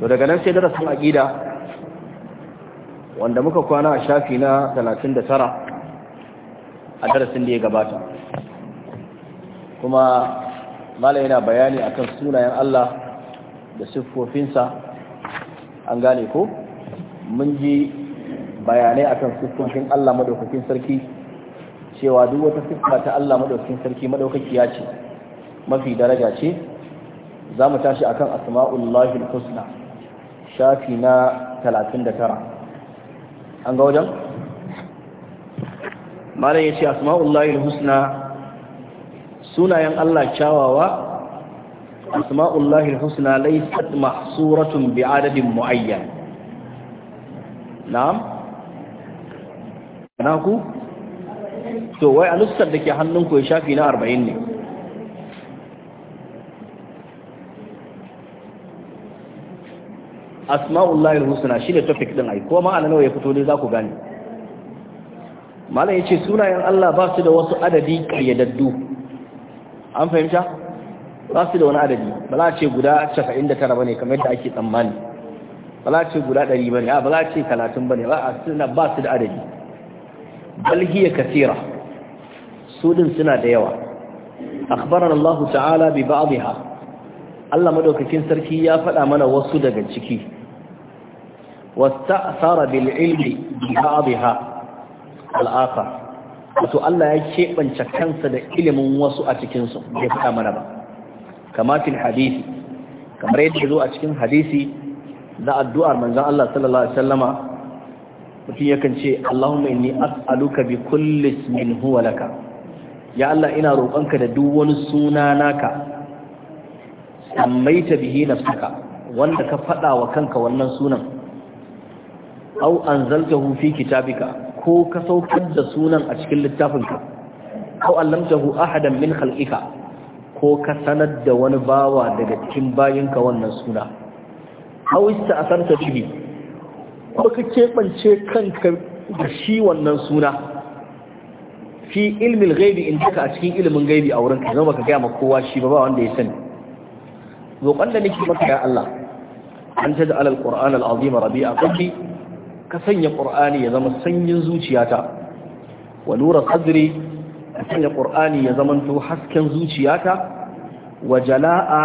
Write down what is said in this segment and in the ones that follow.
to daga nan sai darasin aqida wanda muka kwana a shafi na 39 a darasin da ya gabata kuma malai yana bayani akan sunayen Allah da siffofinsa an gane ko mun ji bayanai akan siffofin Allah madaukakin sarki cewa duk wata siffa ta Allah madaukakin sarki madaukakiya ce mafi daraja ce za mu tashi a akan asma'ullahi husna shafi na 39 an ga wajen malam yace asma'ullahi husna sunayen Allah kyawawa asma'ullahi husna laysat mahsuratun bi adadin muayyan na'am na ku to wai a alustar da ke hannunku ya shafi na 40 ne asma'ullahi husna shine topic din ai kuma ma'ana nawa ya fito dai za ku gane malam yace sunayen Allah ba su da wasu adadi kayyadaddu an fahimta ba su da wani adadi ba za a ce guda 99 bane kamar yadda ake tsammani ba za a ce guda 100 bane ba za ce 30 bane ba a suna ba su da adadi bal hiya kathira su din suna da yawa akhbarana Allah ta'ala bi ba'dihha Allah madaukakin sarki ya faɗa mana wasu daga ciki واستأثر بالعلم ببعضها الآخر wato Allah ya keɓance kansa da ilimin wasu a cikinsu bai faɗa mana ba kama fil hadisi kamar yadda zo a cikin hadisi na addu'ar manzon Allah sallallahu alaihi wasallama mutum yakan ce Allahumma inni as'aluka bi kulli ismin huwa laka ya Allah ina roƙonka da duk wani suna naka sammaita bihi nafsaka wanda ka faɗa wa kanka wannan sunan au anzaltahu fi kitabika ko ka saukar da sunan a cikin littafinka au allamtahu ahadan min khalqika ko ka sanar da wani bawa daga cikin bayinka wannan suna au ista'sarta bihi ko ka keɓance kanka da shi wannan suna fi ilmin gaibi in duka a cikin ilimin gaibi a wurin zama ka gaya ma kowa shi ba ba wanda ya sani roƙon da nake maka ya Allah an ta ja'ala alquran alazim rabi'a qalbi ka sanya qur'ani ya zama sanyin zuciyata wa nura sadri ka sanya qur'ani ya zama to hasken zuciyata wa jala'a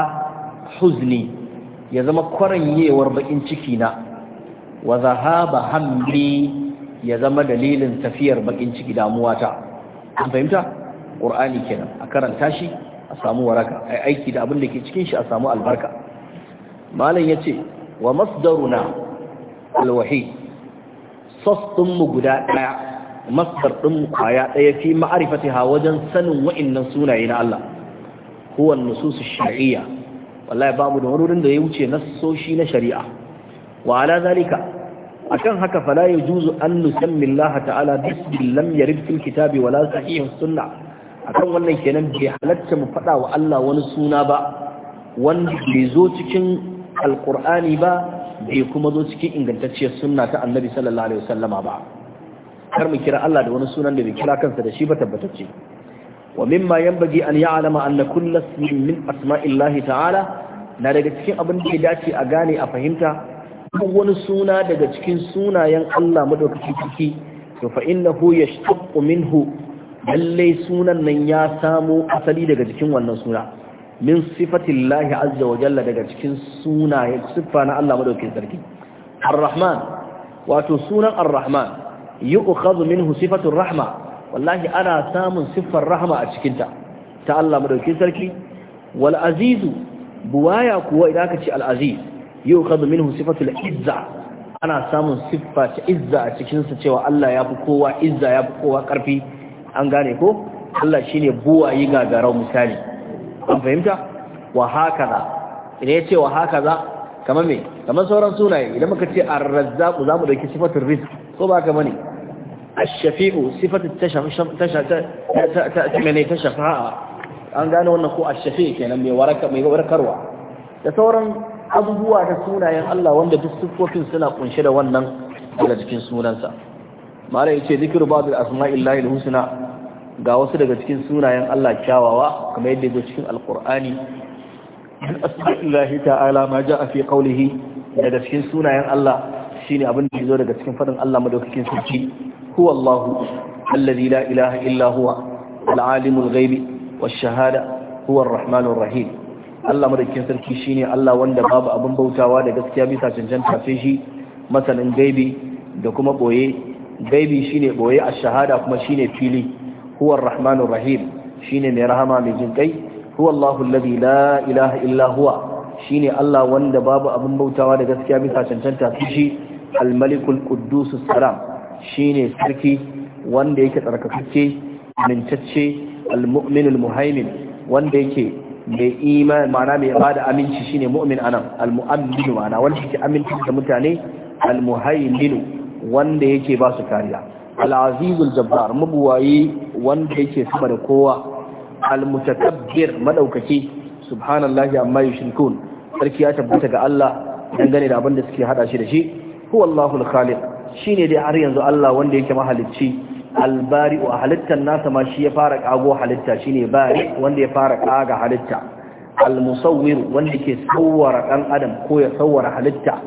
huzni ya zama kwaranyewar bakin ciki na wa zahaba hamli ya zama dalilin tafiyar bakin ciki damuwata an fahimta Ƙur'ani kenan a karanta shi a samu waraka ai aiki da abin da ke cikin shi a samu albarka malam yace wa masdaruna alwahi sos ɗinmu guda ɗaya masdar ɗinmu kwaya ɗaya fi ma'arifatiha wajen sanin wa'innan sunaye na Allah huwa nusus shar'iyya wallahi babu da wurin da ya wuce nassoshi na shari'a wa ala zalika akan haka fala yajuzu an nusammi Allah ta'ala bismi lam yarid fil kitabi wala sahihin sunna akan wannan kenan bai halatta mu faɗawa wa Allah wani suna ba wanda bai zo cikin alqur'ani ba bai kuma zo cikin ingantacciyar sunna ta annabi sallallahu alaihi wasallama ba kar mu kira Allah da wani sunan da bai kira kansa da shi ba tabbatacce wa mimma yanbaghi an ya'lama anna kullu ismin min asma'illahi ta'ala na daga cikin abin da ya dace a gane a fahimta duk wani suna daga cikin sunayen Allah madaukaki ciki to fa innahu yashtaqu minhu lalle sunan nan ya samo asali daga cikin wannan suna min sifatin lahi azza wa jalla daga cikin sunaye siffa na Allah madaukin sarki ar-rahman wato sunan ar-rahman yu'khadhu rahma wallahi ana samun siffar rahma a cikinta ta ta Allah madaukin sarki wal azizu buwaya kuwa idan ka ce al aziz yu'khadhu minhu sifatul izza ana samun siffa ta izza a cikin sa cewa Allah ya fi kowa izza ya fi kowa karfi an gane ko Allah shine buwayi garau misali an fahimta wa haka hakaza idan ce wa haka hakaza kamar me kamar sauran sunaye idan muka ce ar-razzaq zamu dauki sifatul rizq ko ba ka bane ash-shafi'u sifatu tashafa'a an gane wannan ko ash-shafi' kenan mai waraka mai da sauran abubuwa da sunayen Allah wanda duk siffofin suna kunshe da wannan daga cikin sunansa malai yace zikru ba'd al-asma'illahi al-husna ga wasu daga cikin sunayen Allah kyawawa kamar yadda yake cikin alqur'ani min asma'illahi ta'ala ma a fi qawlihi daga cikin sunayen Allah shine abin da yazo daga cikin fadin Allah madaukakin sarki huwallahu alladhi la ilaha illa huwa al-alimul ghaibi wash-shahada huwa ar-rahmanur rahim Allah madaukakin sarki shine Allah wanda babu abin bautawa da gaskiya bisa cancanta sai shi masanin gaibi da kuma boye gaibi shine boye a shahada kuma shine fili huwa rahmanur rahim shine mai rahama mai jin kai huwa allahu alladhi illa huwa shine allah wanda babu abin bautawa da gaskiya bisa cancanta shi al-malikul quddus salam shine sarki wanda yake tsarkakakke mintacce al-mu'minul muhaimin wanda mai iman ma'ana mai bada aminci shine mu'min anan al-mu'minu ma'ana wanda yake aminci da mutane al-muhaiminu wanda yake ba su kariya al-azizul jabbar mabuwayi wanda yake sama da kowa al-mutakabbir madaukaki subhanallahi amma yushrikun sarki ya tabbata ga Allah dangane da abin da suke hada shi da shi huwa Allahul khaliq shine dai har yanzu Allah wanda yake mahalicci al-bari wa halittar nasa ma shi ya fara kago halitta shine bari wanda ya fara kaga halitta al-musawwir wanda yake sawwara dan adam ko ya sawwara halitta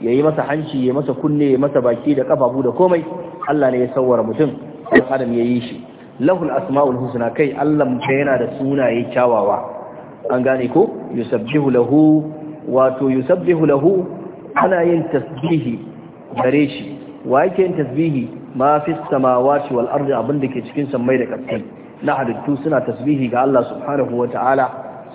ya yi masa hanci ya masa kunne ya masa baki da kafafu da komai Allah ne ya sawara mutum dan adam ya yi shi lahul asma'ul husna kai Allah mutum yana da sunaye kyawawa an gane ko yusabbihu lahu wato yusabbihu lahu ana yin tasbihi gare shi wa yake yin tasbihi ma fi samawati wal ardi abinda ke cikin sammai da ƙasai na halittu suna tasbihi ga Allah subhanahu wa ta'ala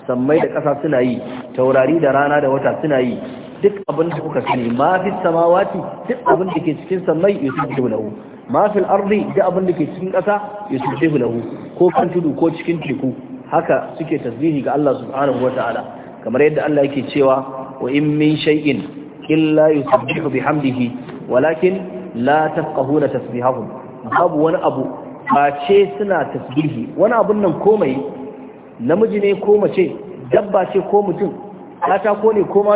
sammai da ƙasa suna yi taurari da rana da wata suna yi duk abin da kuka sani ma fi samawati duk abin da ke cikin samai yusufu lahu ma fi ardi duk abin da ke cikin ƙasa yusufu lahu ko kan tudu ko cikin teku haka suke tasbihi ga Allah subhanahu ta'ala kamar yadda Allah yake cewa wa in min shay'in illa yusabbihu bihamdihi walakin la tafqahuna tasbihahum babu wani abu face suna tasbihi wani abun nan komai namiji ne ko mace dabba ce ko mutum katako ne ko ma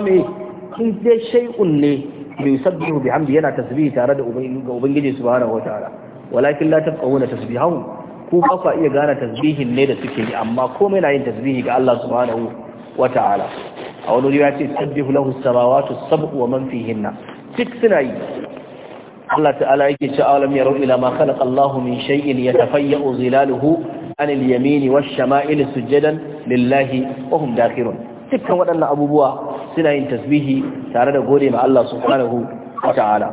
in dai shay'un ne mai sabbihu Hamdi yana tasbihi tare da ubangiji subhanahu wataala walakin la tafqahuna tasbihahu ku ba ku iya gane tasbihin ne da suke yi amma komai na yin tasbihi ga Allah subhanahu wataala a wani wuri ya ce tasbihu lahu samawati sab'u wa man fihinna duk suna yi Allah ta'ala yake ce alam yarau ila ma khalaqa Allah min shay'in yatafayyu zilaluhu an al-yamin wash-shama'il sujadan lillahi wa hum dakhirun dukkan waɗannan abubuwa suna yin tasbihi tare da gode ma Allah subhanahu wa ta'ala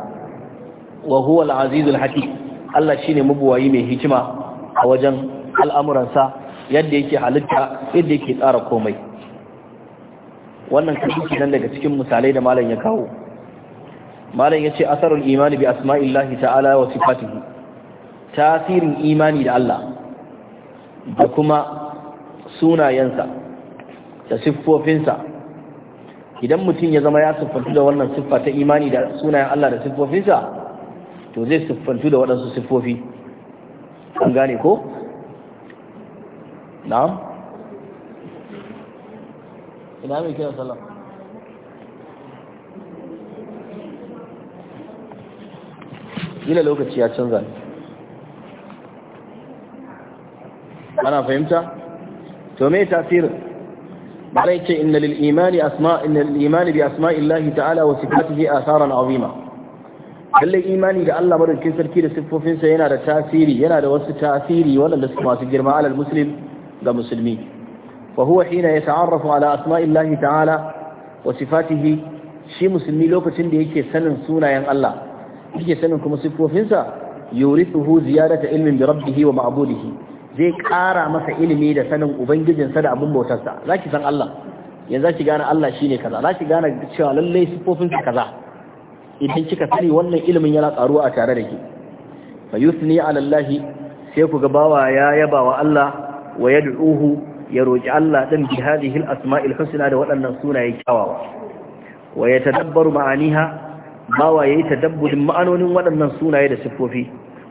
wa huwa al-aziz al-hakim Allah shine mabuwayi mai hikima a wajen al'amuran sa yadda yake halitta yadda yake tsara komai wannan kashi nan daga cikin misalai da malam ya kawo malam yace asarul imani bi asma'illahi ta'ala wa sifatihi tasirin imani da Allah da kuma sunayensa da siffofinsa idan mutum ya zama ya siffantu da wannan siffa ta imani da sunayen Allah da siffofinsa to zai siffantu da waɗansu siffofi an gane ko na'am ina mai kira sallah gina lokaci ya canza ana fahimta to me tasirin malai ce inna lil imani asma inna lil imani bi asma'illahi ta'ala wa sifatihi atharan azima lalle imani da Allah madaukakin sarki da siffofinsa yana da tasiri yana da wasu tasiri wanda su masu girma alal muslim ga musulmi fa huwa hina yata'arrafu ala asma'illahi ta'ala wa sifatihi shi musulmi lokacin da yake sanin sunayen Allah yake sanin kuma siffofinsa yurithuhu ziyadata ilmin bi rabbihi wa ma'budihi zai ƙara masa ilimi da sanin ubangijinsa da abin bautarsa za ki san Allah yanzu za ki gane Allah shine kaza za ki gane cewa lallai sifofinsa kaza idan kika sani wannan ilimin yana ƙaruwa a tare da ki fa yusni ala Allah sai ku ga bawa ya yaba wa Allah wa yad'uhu ya roki Allah din bi hadhihi al-asma'il husna da waɗannan sunaye kyawawa wa yatadabbaru ma'aniha bawa yayi tadabburin ma'anonin waɗannan sunaye da sifofi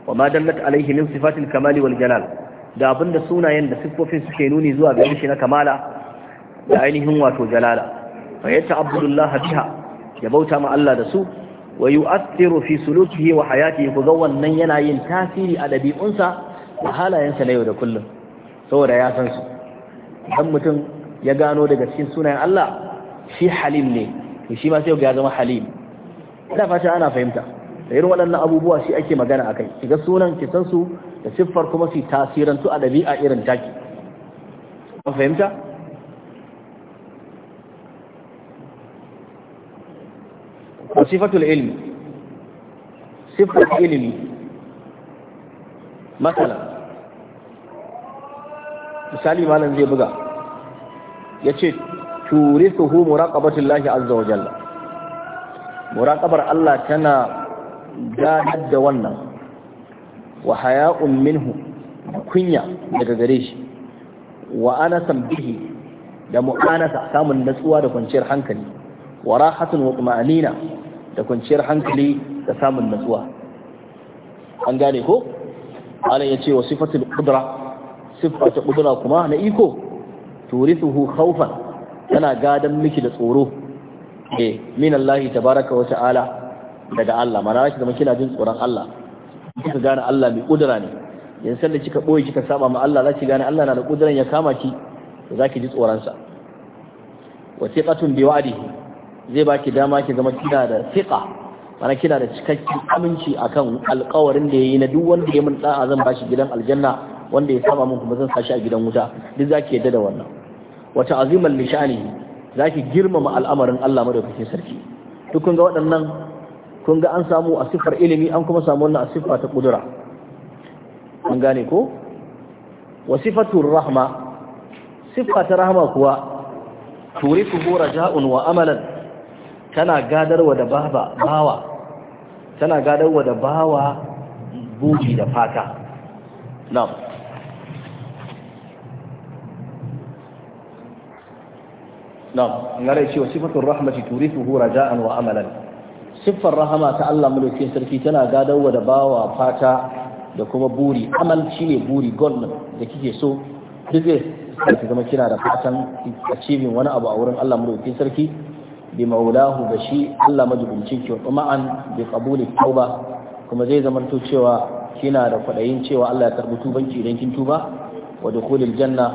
wa ma dallat alaihi min sifatil kamali wal jalal da abinda sunayen da siffofin suke nuni zuwa ga shi na kamala da ainihin wato jalala wa yatta abdullah biha ya bauta ma Allah da su wa yu'athiru fi sulukihi wa hayatihi ku ga wannan yana yin tasiri a dabi'unsa da halayensa na yau da kullum saboda ya san su dan mutum ya gano daga cikin sunayen Allah shi halim ne to shi ma sai ya zama halim ina fata ana fahimta da irin waɗannan abubuwa shi ake magana akai kiga sunan ki san su da siffar kuma su tasirantu a ɗabi'a irin taki an fahimta sifatul ilmi siffar ilimi matsala misali malam zai buga ya ce turisuhu lahi azza wa jalla Muraƙabar Allah tana ganar da wannan wa haya'un minhu kunya daga gare shi wa anasan bihi da mu'anasa samun natsuwa da kwanciyar hankali wa rahatun wa tuma'anina da kwanciyar hankali da samun natsuwa an gane ko ana ya ce wa sifatul qudra sifatu kudura kuma na iko turithuhu khawfan tana gadan miki da tsoro eh min Allah baraka wa ta'ala daga Allah mana ki zama kina jin tsoron Allah kika gane Allah mai kudura ne yanzu sanda kika boye kika saba ma Allah zaki gane Allah na da kuduran ya kama ki to zaki ji tsoron sa wasiqatun bi wa'dihi zai baki dama ki zama kina da thiqa mana kina da cikakken aminci akan alƙawarin da yayi na duk wanda ya mun da'a zan bashi gidan aljanna wanda ya saba mun kuma zan sa sashi a gidan wuta duk zaki yadda da wannan wa ta'zimal lishani zaki girmama al'amarin Allah madaukakin sarki duk kun ga waɗannan kun ga an samu a siffar ilimi an kuma samu wannan a siffa ta kudura an gane ko wa sifatur rahma siffa ta rahma kuwa turiku ja'un wa amalan tana gadarwa da baba bawa tana gadarwa da bawa buji da fata na'am na'am ngare cewa sifatur rahmati turithu ja'an wa amalan siffar rahama ta Allah mulkin sarki tana gadawa da bawa fata da kuma buri amal ne buri goal da kike so duk zai zama kina da fatan achieving wani abu a wurin Allah mulkin sarki bi maulahu da shi Allah majibincin ki kuma an bi qabuli tauba kuma zai zama to cewa kina da kwadayin cewa Allah ya karbi tubanki idan kin tuba wa dukhulil janna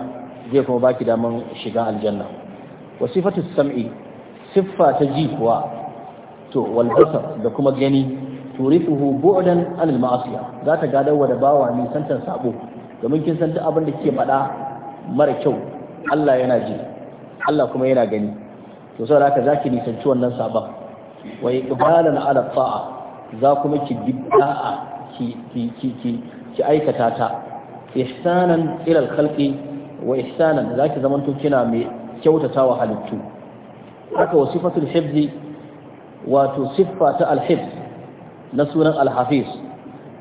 zai kuma baki daman shiga aljanna wa sifatu sam'i siffa ta ji kuwa to wal da kuma gani turifuhu bu'dan anil ma'asiya za ta gadarwa da bawa nisantar sabo domin kin san duk abin da kike faɗa mara kyau Allah yana ji Allah kuma yana gani to saboda haka zaki nisanci wannan sabon wa iqbalan ala ta'a za kuma ki ki ki ki ki aikata ta ihsanan ila al-khalqi wa ihsanan zaki zamanto kina mai kyautatawa halittu haka wasifatul hibzi wato siffa ta alhif na sunan alhafiz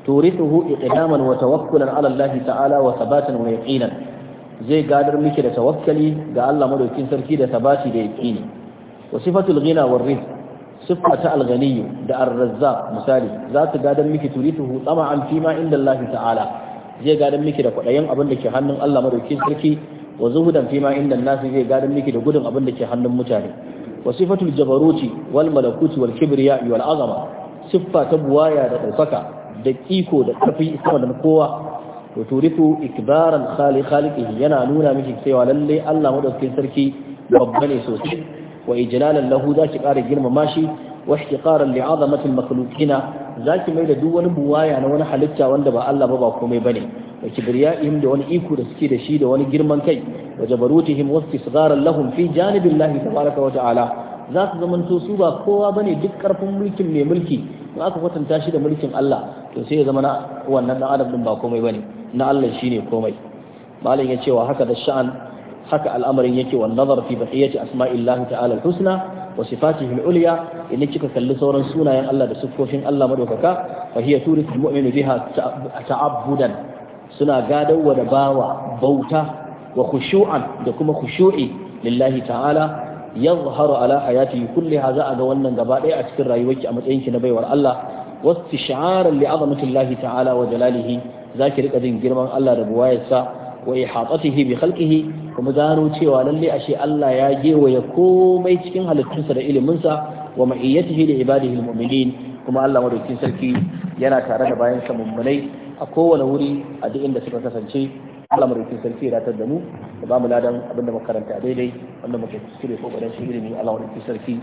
turithuhu iqdaman wa tawakkulan ala Allah ta'ala wa thabatan wa yaqinan zai gadar miki da tawakkali ga Allah madaukin sarki da sabati da yaqini wa sifatul ghina war siffa ta alghani da ar misali za ta gadar miki turithuhu tama'an fima inda Allah ta'ala zai gadar miki da kwadayin abin da ke hannun Allah madaukin sarki wa zuhudan fima inda nasi zai gadar miki da gudun abin da ke hannun mutane wa jabaroti jabaruti wal malakuti wal kibriya wal azama siffa ta buwaya da daukaka da iko da kafi sama da kowa to turifu ikbaran khaliqihi yana nuna miki cewa lalle Allah madaukakin sarki babba ne sosai wa ijlalan lahu zaki ƙara girmama shi wa ihtiqaran li'azamati al-makhluqina zaki mai da duk wani buwaya na wani halitta wanda ba Allah ba ba komai bane wa kibriya'ihim da wani iko da suke da shi da wani girman kai wa jabarutihim wa istisgharan lahum fi janibillahi tabaraka wa ta'ala za su zamanto su ba kowa bane duk karfin mulkin mai mulki in aka kwatanta shi da mulkin Allah to sai ya zama na wannan dan adam din ba komai bane na Allah shine komai malam ya ce wa haka da sha'an haka al'amarin yake wa nazar fi baqiyati asma'illahi ta'ala al-husna wa sifatihi al-ulya idan kika kalli sauran sunayen Allah da siffofin Allah madaukaka fa hiya turisu al-mu'minu biha ta'abbudan suna gadawa da bawa bauta wa khushu'an da kuma khushu'i lillahi ta'ala yadhharu ala hayati kulli a ga wannan gabaɗaya a cikin rayuwarki a matsayin ki na baiwar Allah wastishara li azamatillahi ta'ala wa jalalihi zaki rika jin girman Allah da buwayarsa wa ihatatihi bi khalqihi kuma gano cewa lallai ashe Allah ya gewaye komai cikin halittunsa da iliminsa wa ma'iyatihi li ibadihi almu'minin kuma Allah madaukin sarki yana tare da bayan sa mummunai a kowane wuri a duk inda suka kasance Allah mai sarki ya datar da mu da ba mu ladan abin da makaranta daidai wanda muke kuskure ko ƙwarar shi ilimi Allah madaukakin sarki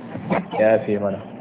ya fi mana